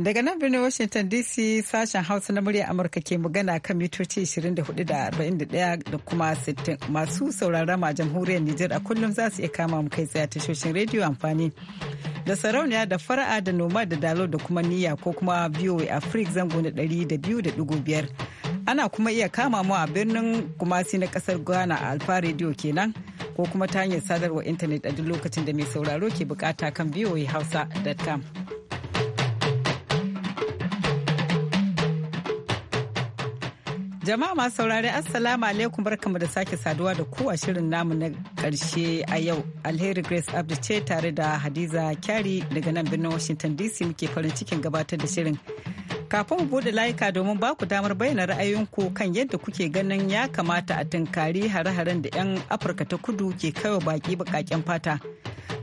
Daga nan birnin Washington DC sashen Hausa na murya Amurka ke magana kan mitoci 24 da 41 da kuma 60 masu sauraron ma jamhuriyar Nijar a kullum za su iya kama mu kai tsaye tashoshin rediyo amfani da sarauniya da fara'a da noma da dalo da kuma niyya ko kuma VOA Africa zango na biyar ana kuma iya kama mu a birnin kumasi na kasar Ghana a Alfa Radio kenan ko kuma ta hanyar sadarwar intanet a duk lokacin da mai sauraro ke bukata kan voahausa.com. Jama'a masu saurari Assalamu alaikum barkamu da sake saduwa da ku a shirin namu na karshe a yau. Alheri Grace Abdi ce tare da Hadiza Kyari daga nan birnin Washington DC muke farin cikin gabatar da shirin. Kafin mu bude layuka domin ba ku damar bayyana ra'ayoyinku kan yadda kuke ganin ya kamata a tunkari hare-haren da 'yan Afirka ta kudu ke kaiwa baki bakaken fata.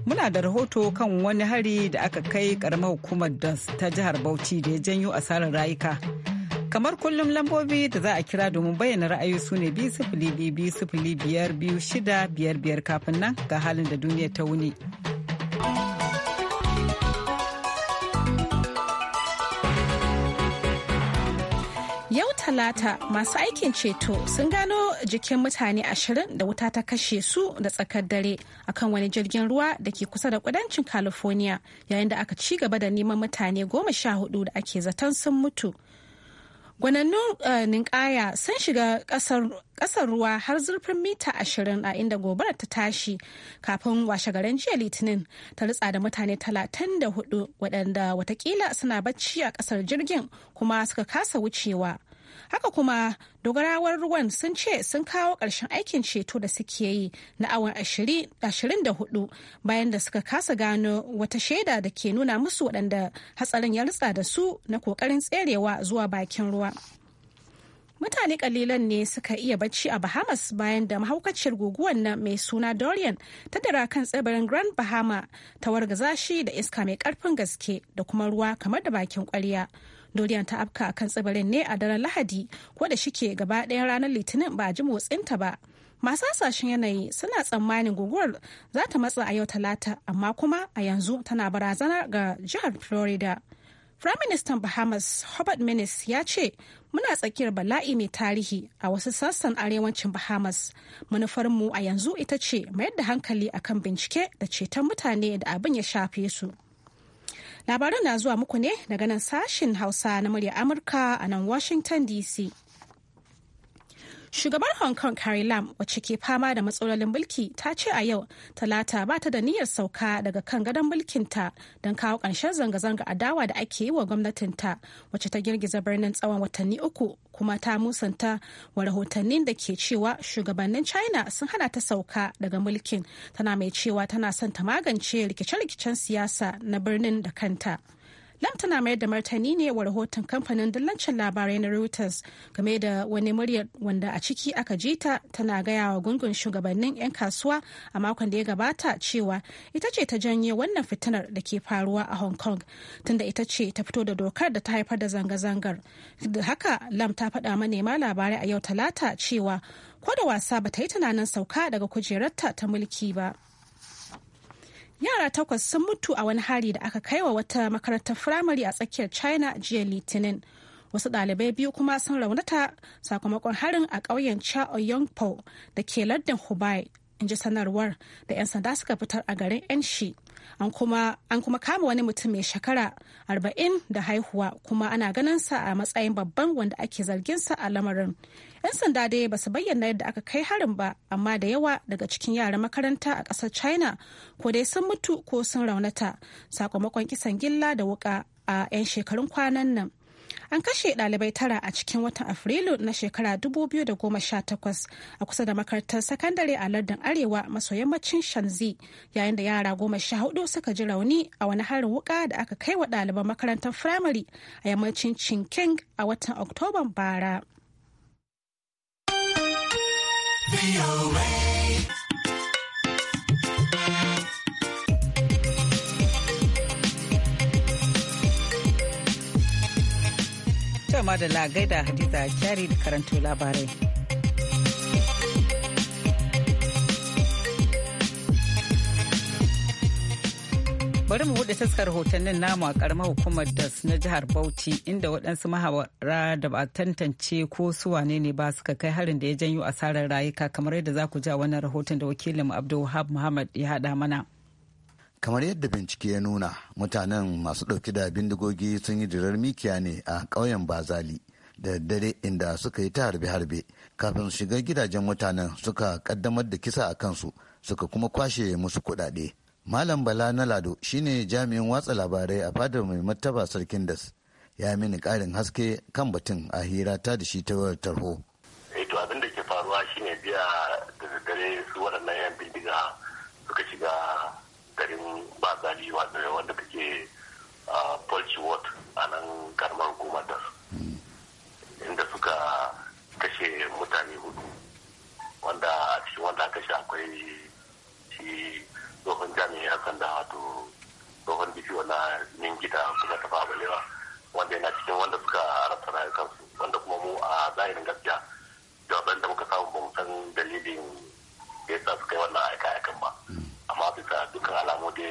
Muna da rahoto kan wani hari da aka kai karamar hukumar da ta jihar Bauchi da ya janyo asarar rayuka. Kamar kullum lambobi da za a kira domin bayyana ra'ayi su ne biyu sifili biyu biyu sifili biyar biyu shida biyar biyar kafin nan ga halin da duniya ta wuni. Yau Talata masu aikin ceto sun gano jikin mutane ashirin da wuta ta kashe su da tsakar dare akan wani jirgin ruwa da ke kusa da kudancin California yayin da aka ci gaba da neman mutane goma sha hudu da ake zaton sun mutu Gwanannun eh, ninkaya sun shiga ƙasar ruwa har zurfin mita ashirin a inda gobara ta tashi kafin washegaran jiya litinin ta ritsa da mutane talatin da hudu waɗanda watakila suna bacci a ƙasar jirgin kuma suka kasa wucewa. haka kuma dogarawar ruwan sun ce sun kawo ƙarshen aikin ceto da suke yi na awon 24 bayan da suka kasa gano wata shaida da ke nuna musu waɗanda hatsarin ya rutsa da su na ƙoƙarin tserewa zuwa bakin ruwa mutane kalilan ne suka iya bacci a bahamas bayan da mahaukaciyar guguwar na mai suna dorian ta dara kan tsibirin grand bahama ta wargaza shi da iska mai karfin gaske da kuma ruwa kamar da bakin kwarya dorian ta afka kan tsibirin ne a daren lahadi ko da shike gaba ɗayan ranar litinin ba a ji motsinta ba masu hasashen yanayi suna tsammanin guguwar za ta matsa a yau talata amma kuma a yanzu tana barazana ga jihar florida prime minister bahamas hubert minis ya ce muna tsakiyar bala'i mai tarihi a wasu sassan arewacin bahamas manufarmu a yanzu ita ce mayar da hankali akan bincike da ceton mutane da abin ya shafe su Labaran na zuwa muku ne daga nan sashin Hausa na murya Amurka a nan Washington DC. Shugabar Hong Kong Carrie Lam wacce ke fama da matsalolin mulki ta ce a yau talata ba ta da niyyar sauka daga kan gadon mulkinta don kawo ƙarshen zanga-zanga a dawa da ake yi wa gwamnatinta wacce ta girgiza birnin tsawon watanni uku kuma ta musanta wa rahotannin da ke cewa shugabannin China sun hana ta sauka daga mulkin tana mai cewa tana son ta magance rikice-rikicen siyasa na birnin da kanta. Lam tana mayar da martani ne wa rahoton kamfanin dillancin labarai na Reuters game da wani muryar wanda a ciki aka ji ta tana gaya wa gungun shugabannin 'yan kasuwa a makon da ya gabata cewa ita ce ta janye wannan fitinar da ke faruwa a Hong Kong tunda ita ce ta fito da dokar da ta haifar da zanga-zangar. Da haka Lam ta faɗa manema labarai a yau talata cewa ko da wasa ba ta yi tunanin sauka daga kujerarta ta mulki ba. yara takwas sun mutu a wani hari da aka kai wa wata makarantar firamare a tsakiyar china jiya litinin wasu dalibai biyu kuma sun raunata sakamakon harin a ƙauyen oyongpo da ke lardin hubei in ji sanarwar da 'yan sanda suka fitar a garin yanshi an kuma kama wani mutum mai shekara arba'in da haihuwa kuma ana ganin sa a matsayin babban wanda ake zargin sa a lamarin 'Yan sanda dai ba su bayyana yadda aka kai harin ba, amma da yawa daga cikin yaran makaranta a ƙasar China ko dai sun mutu ko sun raunata sakamakon kisan gilla da wuka a 'yan shekarun kwanan nan. An kashe ɗalibai tara a cikin watan Afrilu na shekara 2018 a kusa da makarantar sakandare a lardin Arewa maso yammacin Shanzi yayin da yara goma sha hudu suka ji rauni a wani harin wuka da aka kai wa ɗaliban makarantar firamare a yammacin Chinking a watan Oktoban bara. Jama da lagaida Hadiza Kyari da karanto labarai. bari mu buɗe taskar hotonnin namu a ƙaramar hukumar das na jihar bauchi inda waɗansu mahawara da ba tantance ko su wane ne ba suka kai harin da ya janyo asarar rayuka kamar yadda za ku ja wannan rahoton da wakilin abdul wahab muhammad ya haɗa mana kamar yadda bincike ya nuna mutanen masu ɗauki da bindigogi sun yi dirar mikiya ne a ƙauyen bazali da dare inda suka yi ta harbe-harbe kafin su shiga gidajen mutanen suka ƙaddamar da kisa a kansu suka kuma kwashe musu kuɗaɗe Malam Bala na Lado shine jami'in watsa labarai a fadar mai martaba sarkin das. Ya mini ƙarin haske kan batun a hira ta da shi ta wayar tarho. Eh, to abin da ke faruwa shine biya da dare su waɗannan 'yan bindiga suka shiga garin bazali wanda kake polchi ward a nan karamar hukumar hmm. Inda suka kashe mutane hudu wanda a cikin wanda kashe akwai shi tsohon jami'in yan sanda wato tsohon wanda min gida kuma ta balewa wanda yana cikin wanda suka rasa rayukansu wanda kuma mu a zahirin gaskiya jawaban da muka samu ba mu san dalilin da ya sa suka yi wannan aika aikan ba amma bisa dukkan alamu da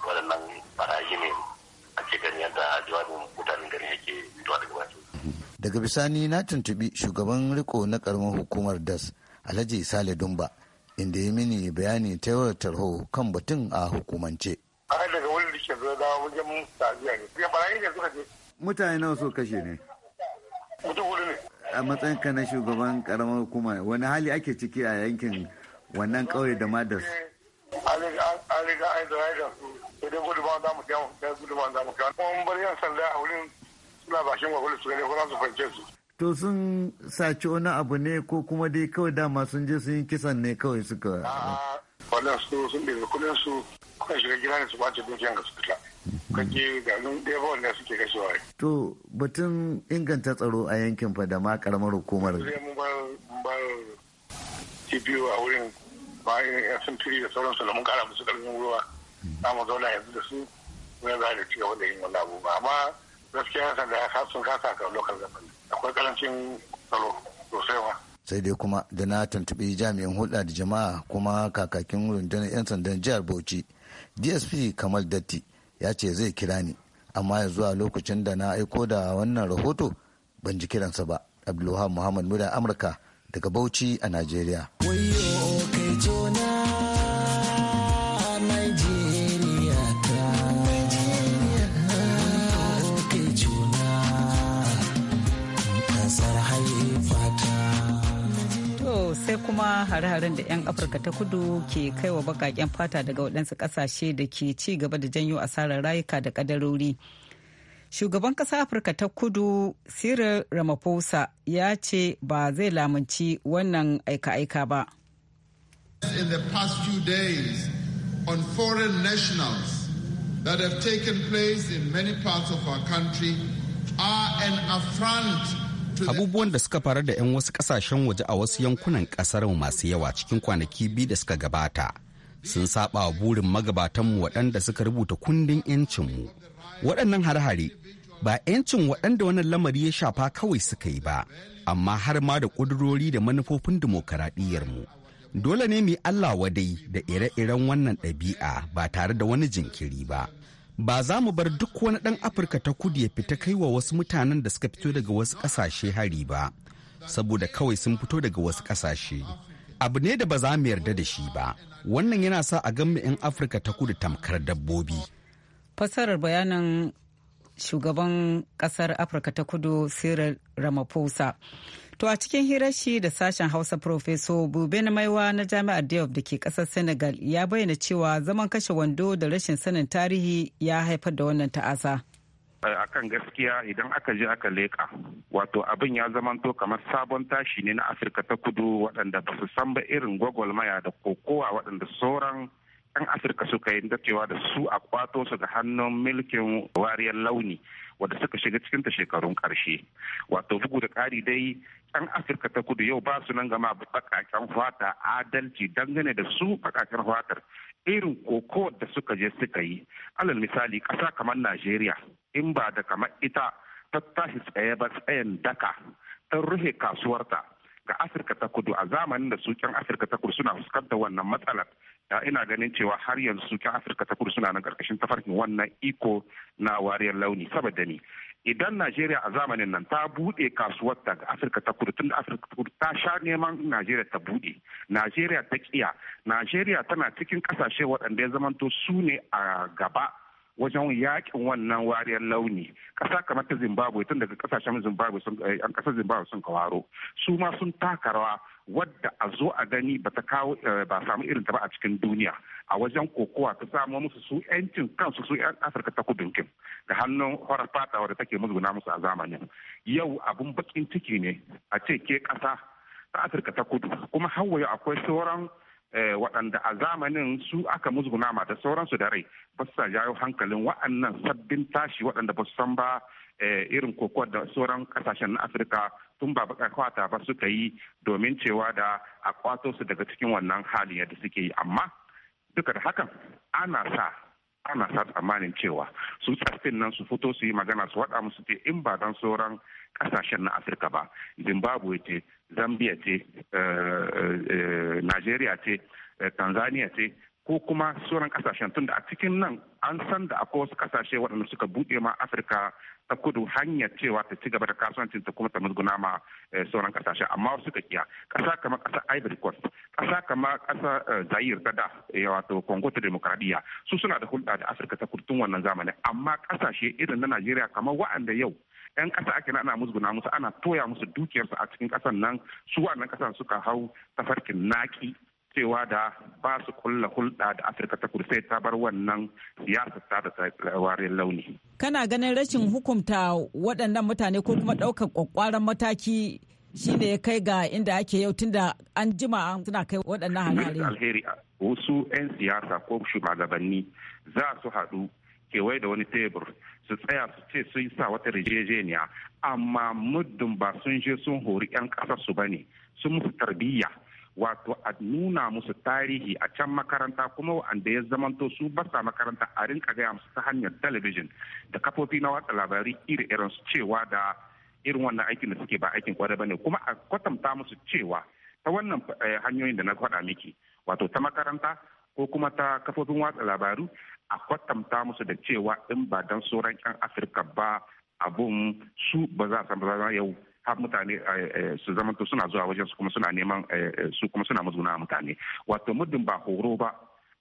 waɗannan barayi ne a gani yadda jawabin mutanen gari yake fitowa daga bakin daga bisani na tuntubi shugaban riko na karamar hukumar das alhaji sale dumba inda ya mini bayani ta yawar tarho kan batun a hukumance. Ai daga wani da ke zo da wajen tafiya ne. Ya barayi ne suka je. Mutane nawa so kashe ne? Mutum hudu ne. A matsayin ka na shugaban karamar hukuma wani hali ake ciki a yankin wannan ƙauye da madas. An riga an riga an da su. Sai gudu ba za mu kai gudu ba za mu kai. Kuma mun bar yan sanda a wurin suna bashin gwagwale su gane ko za su fahimce su. to sun saci wani abu ne ko kuma dai kawai dama sun je sun yi kisan ne kawai suka wannan su sun ɗaya kuma su kuma shiga gida ne su ɓace dukiyar ga su fita kake ga nun ɗaya ba wanda suke kashewa to batun inganta tsaro a yankin fa da ma karamar hukumar zai mun ba bar cibiyo a wurin bayan yan turi da sauransu da mun kara musu karfin ruwa za mu zauna yanzu da su mun za da ci gaba da yin wani abu ba amma gaskiya yan sanda sun kasa ka lokal akwai karancin tsaro sosai ma sai dai kuma da na tuntuɓi jami'in hulɗa da jama'a kuma kakakin rundunar 'yan sandan jihar bauchi dsp kamal datti ya ce zai kira ni amma ya zuwa lokacin da na aiko da wannan rahoto ban ji kiransa ba abdulwahab muhammad muda amurka daga bauchi a najeriya sai kuma hare-haren da 'yan afirka ta kudu ke kaiwa bakaken fata daga waɗansu ƙasashe da ke ci gaba da janyo asarar rayuka da ƙadarori shugaban ƙasa afirka ta kudu cyril ramaphosa ya ce ba zai lamunci wannan aika-aika ba in the past few days on foreign nationals that have taken place in many parts of our country are an affront abubuwan da suka faru da 'yan wasu kasashen waje a wasu yankunan kasar masu yawa cikin kwanaki biyu da suka gabata sun saba wa burin magabatanmu waɗanda suka rubuta kundin 'yancinmu waɗannan hare-hare ba 'yancin waɗanda wannan lamari ya shafa kawai suka yi ba amma har ma da ƙudurori da manufofin dimokuraɗiyyarmu dole ne mu yi allah wadai da ire-iren wannan ɗabi'a ba tare da wani jinkiri ba ba za mu bar duk wani ɗan afirka ta kudu ya fita kai wa wasu mutanen da suka fito daga wasu ƙasashe hari ba saboda kawai sun fito daga wasu ƙasashe abu ne da ba za mu yarda da shi ba wannan yana sa a gan 'yan afirka ta kudu tamkar dabbobi fasarar bayanin shugaban ƙasar afirka ta kudu sirri ramaphosa To a cikin hirar shi da sashen Hausa Profeso Bube Maiwa na Jami'ar Diop da ke kasar Senegal ya bayyana cewa zaman kashe wando da rashin sanin tarihi ya haifar da wannan ta'asa. a kan gaskiya idan aka je aka leƙa wato abin ya zamanto kamar sabon tashi ne na afirka ta kudu waɗanda ba su san ba irin gwagwalmaya da kokowa waɗanda sauran 'yan afirka suka yi da cewa da su a kwato su da hannun milkin wariyar launi wadda suka shiga cikin ta shekarun karshe wato bugu da ƙari dai yan afirka ta kudu yau ba su nan gama bakakken fata adalci dangane da su bakakken fatar irin koko da suka je suka yi alal misali ƙasa kamar najeriya in ba da kamar ita ta tashi tsaye ba tsayin daka ta rufe kasuwarta ga afirka ta kudu a zamanin da su ƙan afirka ta kudu suna fuskantar wannan matsalar ina ganin cewa har yanzu sukan afirka ta kudu suna nan karkashin tafarkin wannan iko na wariyar launi saboda ni idan najeriya a zamanin nan ta buɗe kasuwarta ga afirka ta kudu tunda afirka ta kudu ta sha neman najeriya ta buɗe najeriya ta kiya najeriya tana cikin kasashe waɗanda ya zamanto su ne a gaba wajen yakin wannan wariyar launi ƙasa kamar ta zimbabwe tun daga kasashen zimbabwe eh, an kasar zimbabwe sun kawaro su ma sun taka rawa wadda a zo a gani ba ta kawo eh, ba samu irin ta ba a cikin duniya a wajen kokowa ta samu musu su yancin kansu su yan afirka ta kudin kim da hannun horar fata wadda take musu musu a zamanin yau abun bakin ciki ne a ce ke ƙasa ta afirka ta kudu kuma hawaye akwai sauran Eh, waɗanda a zamanin su aka musguna mata sauransu da rai ba su jawo hankalin waɗannan sabbin tashi waɗanda ba su san ba eh, irin koko da sauran kasashen na afirka tun ba baka kwata ba suka yi domin cewa da a kwato su daga cikin wannan hali yadda suke yi amma duka da hakan ana sa ana sa tsammanin cewa su tsaffin nan su fito su yi magana su waɗa musu ce in ba dan sauran kasashen na afirka ba zimbabwe ce zambia ce eh, eh, nigeria ce eh, tanzania ce ko kuma sauran kasashen tunda a cikin nan an san da akwai wasu kasashe waɗanda suka buɗe ma afirka ta kudu hanyar cewa ta ci gaba da kasuwancin ta kuma ta musguna ma eh, sauran kasashe amma wasu ka kiya kasa kamar kasa ivory coast kasa kamar kasa eh, zayir ta da eh, wato congo ta demokradiya su suna da hulɗa da afirka ta kudu tun wannan zamanin amma kasashe irin na najeriya kamar wa'anda yau 'yan kasa ake ana musguna musu ana toya musu dukiyarsu a cikin kasan nan su wannan kasan suka hau tafarkin naki cewa da ba su kulla hulɗa da afirka ta kudu sai ta bar wannan siyasar ta da launi. kana ganin rashin hukumta waɗannan mutane ko kuma ɗaukar ƙwaƙƙwaran mataki shi ya kai ga inda ake yau tunda an jima suna kai waɗannan hare alheri wasu 'yan siyasa ko shugabanni za su haɗu kewaye da wani tebur su tsaya su ce sun sa wata rijejeniya amma muddin ba sun je sun hori 'yan ƙasar su bane sun musu tarbiyya wato a nuna musu tarihi a can makaranta kuma wanda ya zamanto su basa makaranta a rinka gaya musu ta hanyar talabijin da kafofi na watsa labarai iri irin su cewa da irin wannan aikin da suke ba aikin kwarai bane kuma a kwatanta musu cewa ta wannan eh, hanyoyin da na faɗa miki wato ta makaranta ko kuma ta kafofin watsa labaru a kwatanta musu da cewa in ba dan sauran 'yan afirka ba abun su ba za a san yau har mutane eh, eh, su zama to suna zuwa wajen eh, su kuma suna neman su kuma suna mazuna mutane wato muddin ba horo ba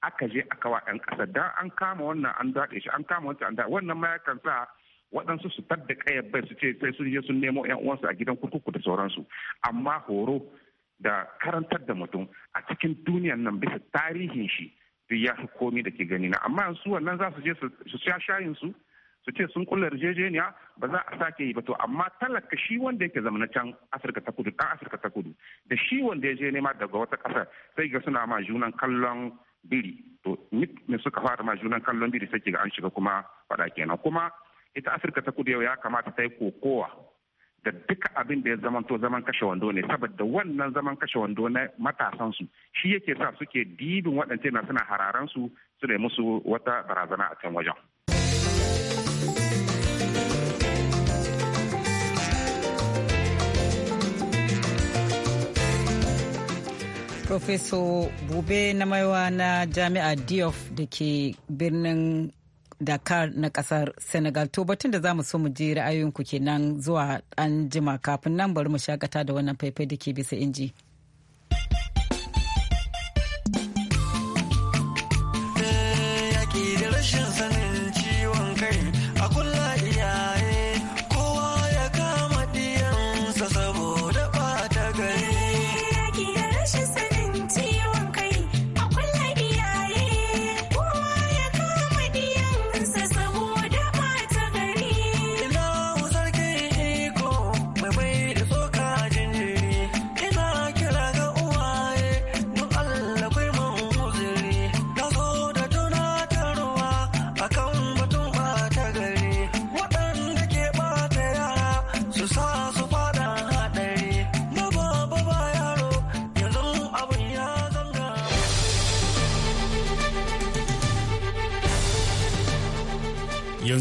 aka je aka wa yan kasa da an kama wannan an daɗe shi an kama wancan an daɗe wannan ma yakan sa waɗansu su tadda kayan bai su ce sai sun je sun nemo yan uwansu a gidan kurkuku da sauransu amma horo da karantar da mutum a cikin duniyan nan bisa tarihin shi duk ya fi komi da ke gani na amma yanzu wannan za su je su sha shayin su su ce sun kula yarjejeniya ba za a sake yi ba to amma talaka shi wanda yake zama na can afirka ta kudu dan afirka ta kudu da shi wanda ya je nema daga wata kasa sai ga suna ma junan kallon biri to ni me suka fara ma junan kallon biri sai ga an shiga kuma faɗa kenan kuma ita afirka ta kudu yau ya kamata ta yi kokowa da duka abin da ya zama to zaman kashe wando ne saboda wannan zaman kashe wando na matasan su shi yake sa suke dibin waɗancan na suna hararan su su musu wata barazana a can wajen Profeso Bube na maiwa na Jami'a Diof da ke birnin Dakar na kasar Senegal. To batun da za mu so mu je ra'ayoyinku kenan zuwa an jima kafin nan bari mu shakata da wannan faifai da ke bisa inji.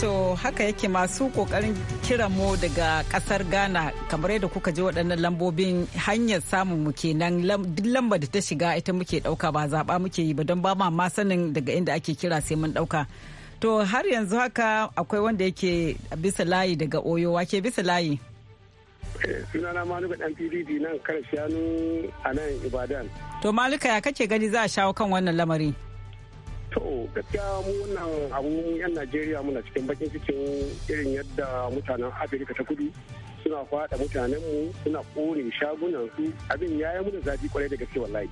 To haka yake masu kokarin mu daga kasar Ghana kamar yadda kuka ji waɗannan lambobin hanyar samun mu kenan duk lamba da ta shiga ita muke ɗauka ba zaɓa muke yi ba don ba ma sanin daga inda ake kira sai mun ɗauka. To har yanzu haka akwai wanda yake bisa layi daga Oyo wake bisa layi. Eh, sunana Maluka dan PDP nan karshe a nan Ibadan. To Maluka ya kake gani za a shawo kan wannan lamari? To gaskiya mu wannan abu 'yan Najeriya muna cikin bakin cikin irin yadda mutanen Afirka ta kudu suna fada mu suna kone shagunansu abin ya yi muna zafi kwarai da gaske wallahi.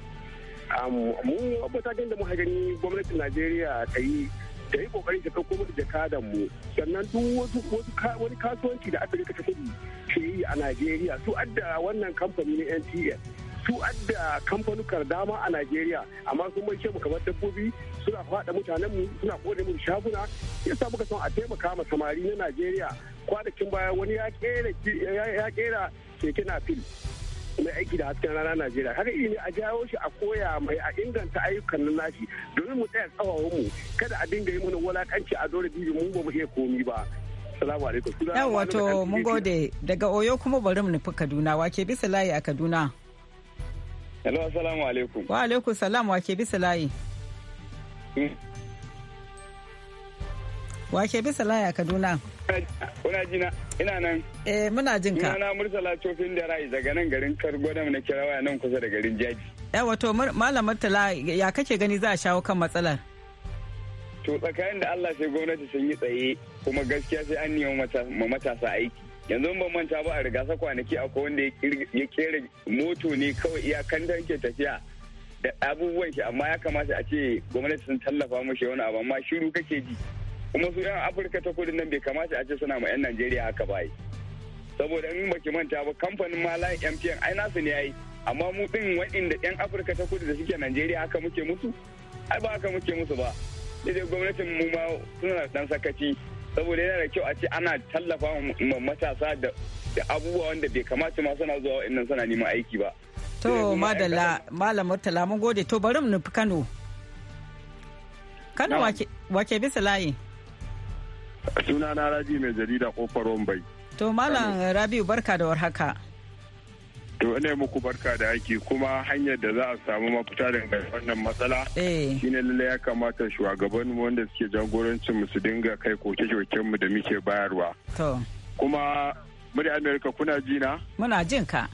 Mu matakin da muka gani gwamnatin Najeriya ta yi ta yi kokarin ta ɗauko da jakadan mu sannan duk wani kasuwanci da Afirka ta kudu ke yi a Najeriya su adda wannan kamfani na NTS. su adda kamfanukar dama a Najeriya amma sun mai mu kamar dabbobi suna faɗa mutanen mu suna kore mu shaguna yasa muka son a taimaka ma samari na Najeriya kwanakin baya wani ya kera keke na fil mai aiki da hasken rana Najeriya haka ilimi a jawo shi a koya mai a inganta ayyukan na nashi domin mu tsaya tsawon mu kada a dinga yi mana wulakanci a dole bibi mu ba mu iya komi ba Yawwa to mun gode daga Oyo kuma bari mu nufi Kaduna wake bisa layi a Kaduna. Hello, assalamu alaikum. Wa alaikum salam wa ke bisa layi. Wa ke bisa layi a Kaduna? Kuna na ina nan. Eh, muna jin ka. Ina Murtala Cofin da Rai daga nan garin Kargwada na kira waya nan kusa da garin Jaji. Eh, wato Malam Murtala ya kake gani za a shawo kan matsalar? To tsakanin da Allah sai gwamnati sun yi tsaye kuma gaskiya sai an nemi matasa aiki. yanzu ban manta ba a riga sa kwanaki akwai wanda ya kera moto ne kawai iyakan da yake tafiya da abubuwan shi amma ya kamata a ce gwamnati sun tallafa mushi wani abu amma shiru kake ji kuma su yan afirka ta kudu nan bai kamata a ce suna ma yan najeriya haka ba saboda in baki manta ba kamfanin ma layin mpn ai nasu ne yayi amma mu din waɗanda yan afirka ta kudu da suke najeriya haka muke musu ai ba haka muke musu ba sai dai gwamnatin mu ma suna dan sakaci saboda yana da kyau a ce ana tallafa ma matasa da abubuwa wanda bai kamata ma suna zuwa wa'annan suna neman aiki ba. To madalla malam Murtala mun gode to bari mu nufi Kano. Kano wake bisa layi. Suna na Rabi mai jarida kofar Wambai. To malam Rabiu barka da warhaka. haka. To ne muku barka da aiki kuma hanyar da za a samu mafita daga wannan matsala eh. shine lalle ya kamata mu wanda suke jagorancin mu su dinga kai koke-koken mu da muke bayarwa. To. Kuma murya Amerika kuna jina. Muna jin ka.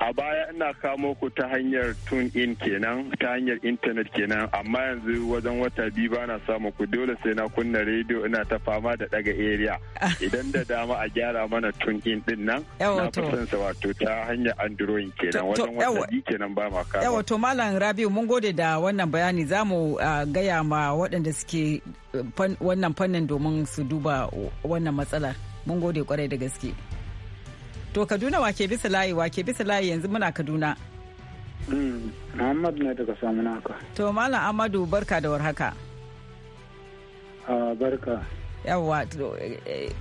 a baya ina kamo ku ta hanyar tune in kenan ta hanyar intanet kenan amma yanzu wajen wata biyu ba na samu ku dole sai na kunna rediyo ina ta fama da daga area idan da dama a gyara mana tune in din nan na fasan sa wato ta hanyar android kenan wajen wata biyu kenan ba ma kama yawa to malam rabiu mun gode da wannan bayani za mu uh, gaya ma waɗanda suke uh, wannan fannin domin su duba uh, wannan matsalar mun gode kwarai da gaske To Kaduna wake bisa layi wake bisa layi yanzu muna Kaduna. Mm, Muhammad ne daga naka. To Malam Amadu barka da warhaka. Barka. Yawwa eh, eh,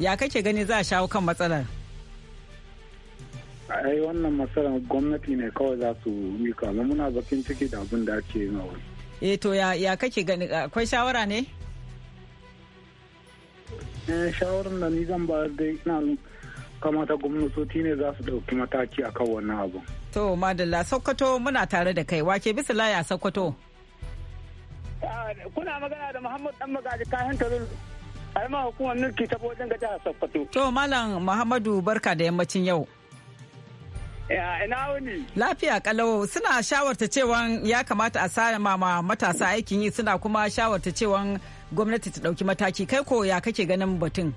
ya kake gani za a shawo kan matsalar? yi wannan matsalar gwamnati ne kawai za su mika kama muna bakin ciki da abin da ake yi wani. eh to ya, kake gani akwai shawara ne? eh shawarar da ni zan ba dai ina kamata gwamnatoci ne za su ɗauki mataki akan wannan abu. To Madalla Sokoto muna tare da kai wake bisa laya Sokoto. Ah, kuna magana da muhammadu Dan Magaji kayan tarun alma hukumar mulki ta bojin ga jihar Sokoto. To Malam Muhammadu barka da yammacin yau. Ina wuni. Lafiya kalau suna shawarta cewa ya kamata a sa matasa aikin yi suna kuma shawarta cewa gwamnati ta ɗauki mataki kai ko ya kake ganin batun.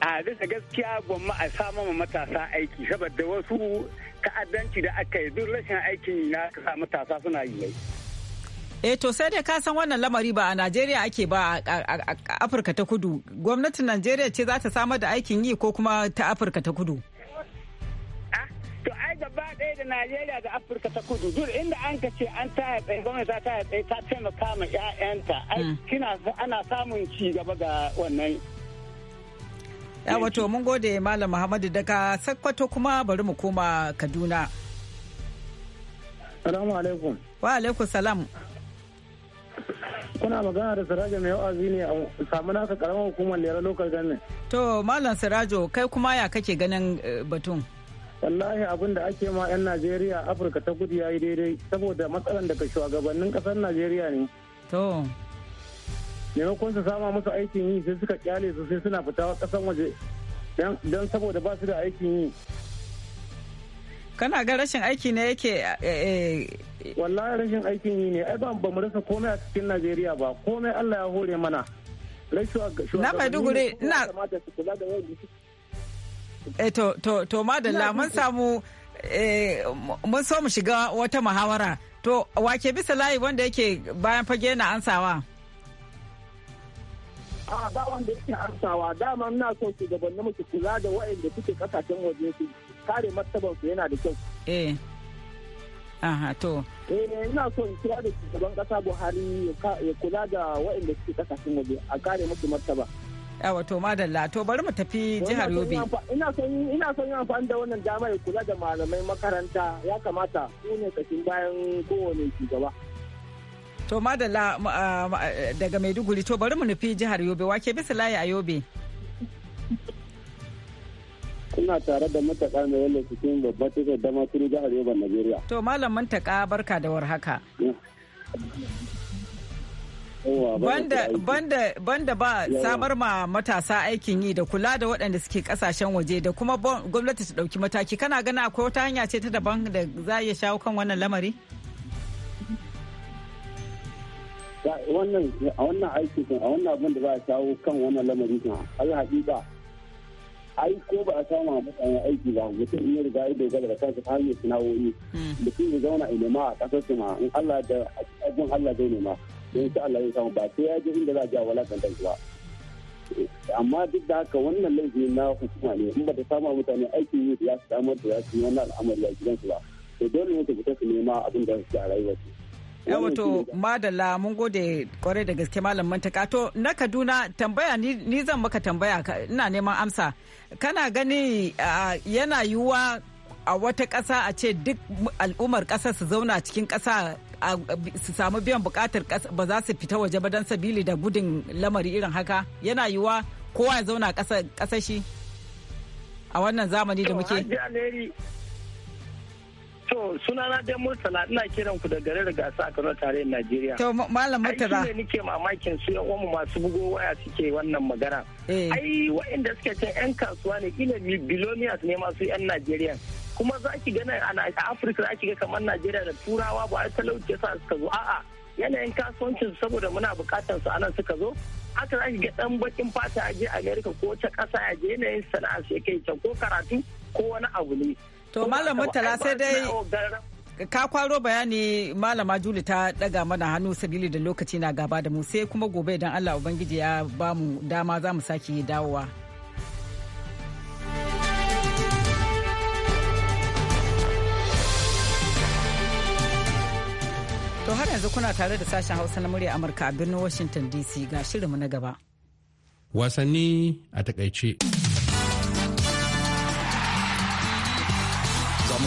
a bisa gaskiya gwamma a samun ma matasa aiki saboda wasu ta'addanci da aka yi duk rashin aikin na sa matasa suna yi mai. Eh to sai dai ka san wannan lamari ba a Najeriya ake ba a Afirka ta Kudu. Gwamnatin Najeriya ce za ta samar da aikin yi ko kuma ta Afirka ta Kudu? Ah, to ai gaba ɗaya da Najeriya da Afirka ta Kudu duk inda an ka ce an taya tsaye gwamnati ta taya tsaye ta taimaka ma 'ya'yanta. Ai mm. kina ana samun ci gaba ga wannan ya wato mun gode malam muhammadu daga sakkwato kuma bari mu koma kaduna salamu alaikum wa alaikum salam kuna magana da sirajo mai wa'azi ne a samu naka karamar hukumar lera lokal ganin to malam sirajo kai kuma ya kake ganin eh, batun wallahi abin da ake ma 'yan najeriya afirka ta gudu ya yi daidai saboda matsalan daga shugabannin kasar najeriya ne to maimakon su sama musu aikin yi sai suka kyale su sai suna fita kasan waje don saboda ba su da aikin yi kana ga rashin aiki ne yake eh, eh, wallahi rashin aikin yi ne ai ba mu rasa komai a cikin najeriya ba komai allah ya hore mana na maiduguri na eh, to to to madalla mun samu mun so mu shiga wata muhawara to wake bisa layi wanda yake bayan fage na ansawa a ba wanda yake amsawa dama na so shugabannin mu su kula da wa'anda suke kasashen waje su kare martaban su yana da kyau eh aha to eh ina so in kira da shugaban kasa Buhari ya kula da wa'anda suke kasashen waje a kare musu martaba yawa to madalla to bari mu tafi jihar yobe ina son ina so yin amfani da wannan dama ya kula da malamai makaranta ya kamata su ne kashin bayan kowane shugaba To madalla daga Maiduguri to bari mu nufi jihar Yobe wake bisa layi a Yobe. Kuna tare da mutaka mai wanda cikin babbar tashar dama turu jihar Yobe Najeriya. To malam mutaka barka da war haka. banda, ba samar ma matasa aikin yi da kula da waɗanda suke kasashen waje da kuma gwamnati ta ɗauki mataki kana gana akwai wata hanya ce ta daban da za a iya shawo kan wannan lamari? wannan a wannan aikin a wannan abin da za a shawo kan wannan lamari kan a ai ko ba a samu mutane aiki ba mutum ya riga ya dogara da kansa ta hanyar sana'o'i hmm. mutum ya zauna a nema a kasar su ma in Allah da abin Allah zai nema don ta Allah ya samu ba sai ya je inda za a ja walakantar ba amma duk da haka wannan laifi na hukuma ne in ba ta samu mutane aiki ne da ya su samar da ya su yi wannan al'amari a gidansu ba to dole ne ta fita su nema abin da su a su wato madalla mun gode kwarai da gaske malam mantaka to na kaduna tambaya ni zan maka tambaya ina neman amsa kana gani yana yiwuwa a wata kasa a ce duk al'ummar kasa su zauna cikin kasa su samu biyan buƙatar ba za su fita waje ba don sabili da gudun lamari irin haka yana yiwuwa kowa ya zauna kasashi a wannan zamani da muke To sunana dai Murtala ina kiran ku da garin gasa a Kano tarayyar Najeriya. To malam Murtala. Ai ne nake mamakin su yan uwanmu masu bugo waya suke wannan magana. Eh. Ai waɗanda suke cin yan kasuwa ne ilimi billionaires ne masu yan Najeriya. Kuma za ki ga a Afirka za ki ga kamar Najeriya da Turawa ba ai talauci sa suka zo a'a yanayin kasuwancin saboda muna bukatar su anan suka zo aka za ki ga dan bakin fata a je America ko ta kasa a je yanayin sana'a sai kai can ko karatu ko wani abu ne. To Malam Murtala sai dai ka kwaro bayani Malama Juli ta daga mana hannu sabili da lokaci na gaba da mu sai kuma gobe idan Allah Ubangiji ya ba mu dama za mu sake dawowa. To har yanzu kuna tare da sashen Hausa na murya Amurka a birnin Washington DC ga shirinmu na gaba. Wasanni a takaice.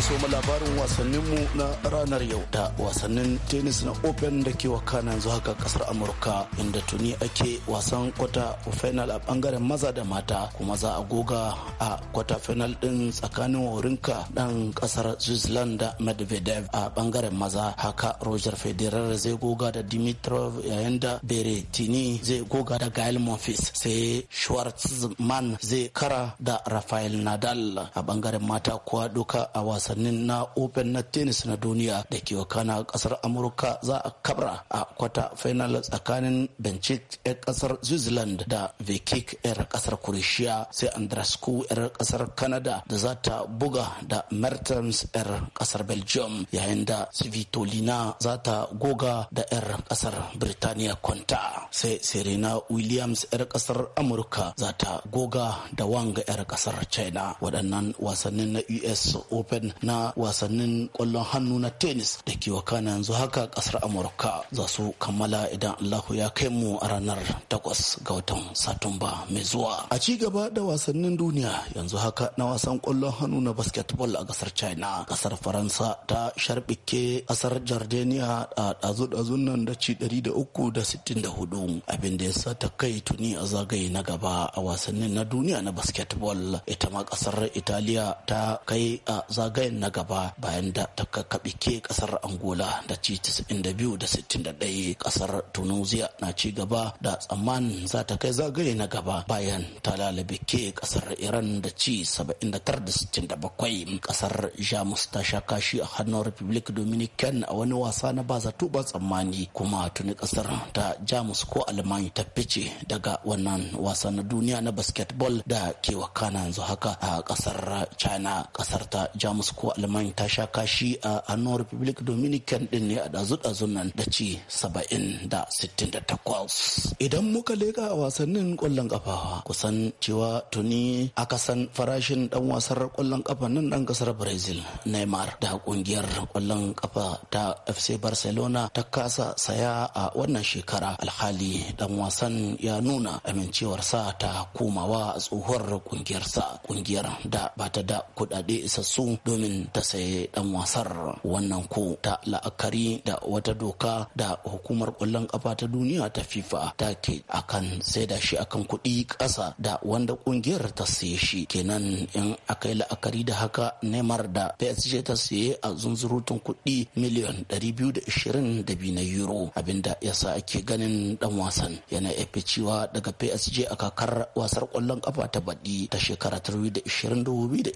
soma labarin wasanninmu na ranar yau da wasannin tennis na open da ke wakana yanzu haka kasar amurka inda tuni ake wasan kwata final a bangaren maza da mata kuma za a goga a kwata final din tsakanin wurinka dan kasar switzerland da medvedev a bangaren maza haka roger federer zai goga da dimitrov yayin da beretini zai goga da gael monfils sai schwartzman zai kara da rafael nadal a bangaren mata kuwa duka a wasan wasannin na open na tennis na duniya da ke wakana kasar amurka za a kabra a kwata final tsakanin bencik yar kasar switzerland da vekik 'yar kasar croatia sai andrasku 'yar kasar canada da za ta buga da mertens 'yar kasar belgium yayin da svitolina za ta goga da 'yar kasar birtaniya kwanta sai serena williams 'yar kasar amurka za ta goga da wanga 'yar kasar china waɗannan wasannin na us open na wasannin kwallon hannu na tennis da ke wakana yanzu haka kasar amurka za su kammala idan allahu ya kai mu a ranar 8 ga watan satumba mai zuwa a ci gaba da wasannin duniya yanzu haka na wasan kwallon hannu na basketball a kasar china kasar faransa ta sharbike kasar jardiniya a dazu-dazun nan da ci 364 abin da yasa ta kai tuni a zagaye na gaba a wasannin na duniya na basketball ita ma kasar italiya ta kai a zagaye. na gaba bayan da ta kakkaɓe ke ƙasar Angola da ci 92 da 61 ƙasar Tunisia na ci gaba da tsammanin za ta kai zagaye na gaba bayan ta lalabe ke ƙasar Iran da ci 79 da 67 ƙasar Jamus ta sha kashi a hannun Republic Dominican a wani wasa na ba zato ba tsammani kuma tuni ƙasar ta Jamus ko Alman ta fice daga wannan wasa na duniya na basketball da ke wakana yanzu haka a ƙasar China ƙasar ta Jamus ko ko alman ta sha kashi a annon republic dominican din ne a dazu dazu nan da ci 70 68 idan muka leka a wasannin kwallon kafa kusan cewa tuni aka san farashin dan wasar kwallon kafa nan dan kasar brazil neymar da kungiyar kwallon kafa ta fc barcelona ta kasa saya a wannan shekara alhali dan wasan ya nuna amincewar sa ta komawa a tsohuwar kungiyarsa kungiyar da ba ta da kudade isassu domin domin ta saye dan wasar wannan ko ta la'akari da wata doka da hukumar kwallon kafa ta duniya ta fifa ta ke akan sai da shi akan kuɗi ƙasa da wanda ƙungiyar ta saye shi kenan in akai yi la'akari da haka neymar da psg ta saye a zunzurutun kuɗi miliyan 222 na euro abinda yasa ake ganin dan wasan yana efe cewa daga psg a kakar wasar kwallon kafa ta baɗi ta shekara 2021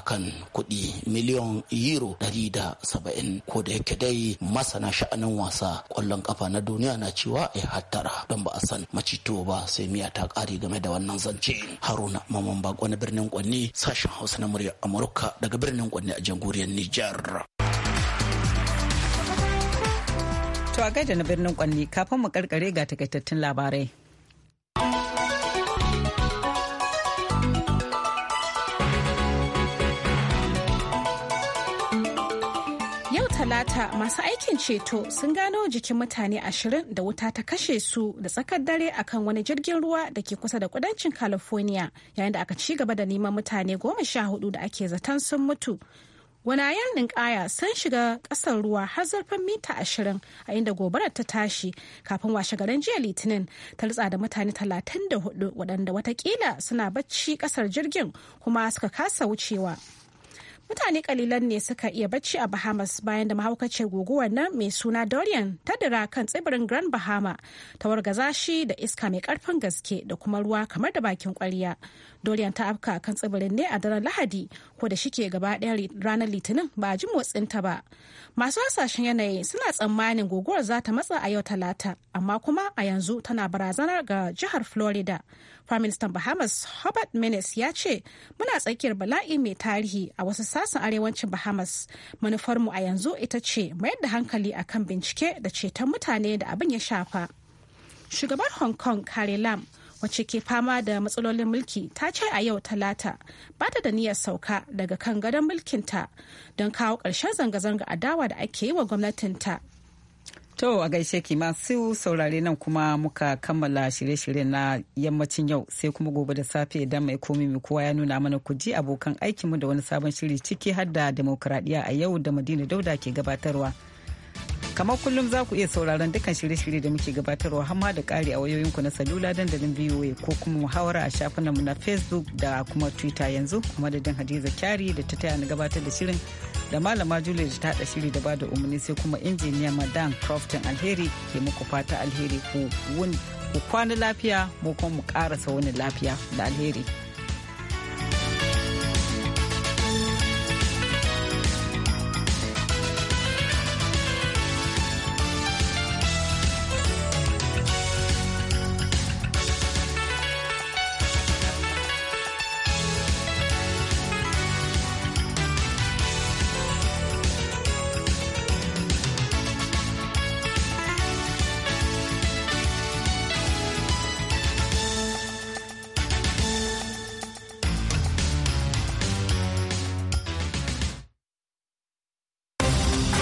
akan kuɗi kuɗi miliyan euro saba'in ko da yake dai masana sha'anin wasa ƙwallon ƙafa na duniya na cewa ya hattara don ba a san macito ba sai miya ta ƙari game da wannan zance haruna maman bako na birnin kwanni sashen hausa na murya amurka daga birnin kwanni a jamhuriyar nijar to a gaida na birnin kwanni kafin mu karkare ga takaitattun labarai talata masu aikin ceto sun gano jikin mutane ashirin da wuta ta kashe su da tsakar dare akan wani jirgin ruwa da ke kusa da kudancin california yayin da aka ci gaba da neman mutane goma sha hudu da ake zaton sun mutu gwanayen ninkaya sun shiga kasar ruwa har zurfin mita ashirin a inda gobarar ta tashi kafin washe garin jiya litinin ta rutsa da mutane talatin da hudu waɗanda watakila suna bacci kasar jirgin kuma suka kasa wucewa mutane kalilan ne suka iya bacci a bahamas bayan da mahaukacin guguwar nan mai suna dorian ta dira kan tsibirin grand bahama ta wargaza shi da iska mai karfin gaske da kuma ruwa kamar da bakin kwarya dorian ta afka kan tsibirin ne a daren lahadi ko da shike gaba ɗaya ranar litinin ba a ji motsin ta ba masu hasashen yanayi suna tsammanin guguwar za ta matsa a yau talata amma kuma a yanzu tana barazanar ga jihar florida Prime Minister Bahamas Hubert Minnis ya ce, Muna tsakiyar bala'i mai tarihi a wasu sassan arewacin Bahamas. Manufarmu a yanzu ita ce mayar da hankali a kan bincike da ceton mutane da abin ya shafa. Shugaban Hong Kong Carrie Lam wacce ke fama da matsalolin mulki ta ce a yau talata ba ta da niyyar sauka daga kan gadon mulkinta don kawo ƙarshen zanga-zanga adawa da ake yi wa gwamnatinta To a gaishe ki masu saurare nan kuma muka kammala shirye-shirye na yammacin yau sai kuma gobe da safe idan mai komi mai kowa ya nuna mana kuji abokan aikinmu da wani sabon shiri ciki har da demokradiyya a yau da Madina Dauda ke gabatarwa. Kamar kullum za ku iya sauraron dukkan shirye-shirye da muke gabatarwa hamma da ƙari a wayoyinku na salula dandalin VOA ko kuma muhawara a shafinanmu na Facebook da kuma Twitter yanzu kuma da Hadiza Kyari da ta taya na gabatar da shirin. da malama julia ta da shiri da ba da umarni sai kuma injiniya madan crofton alheri ke muku fata alheri ku kwana lafiya mu kuma mu karasa wani lafiya da alheri.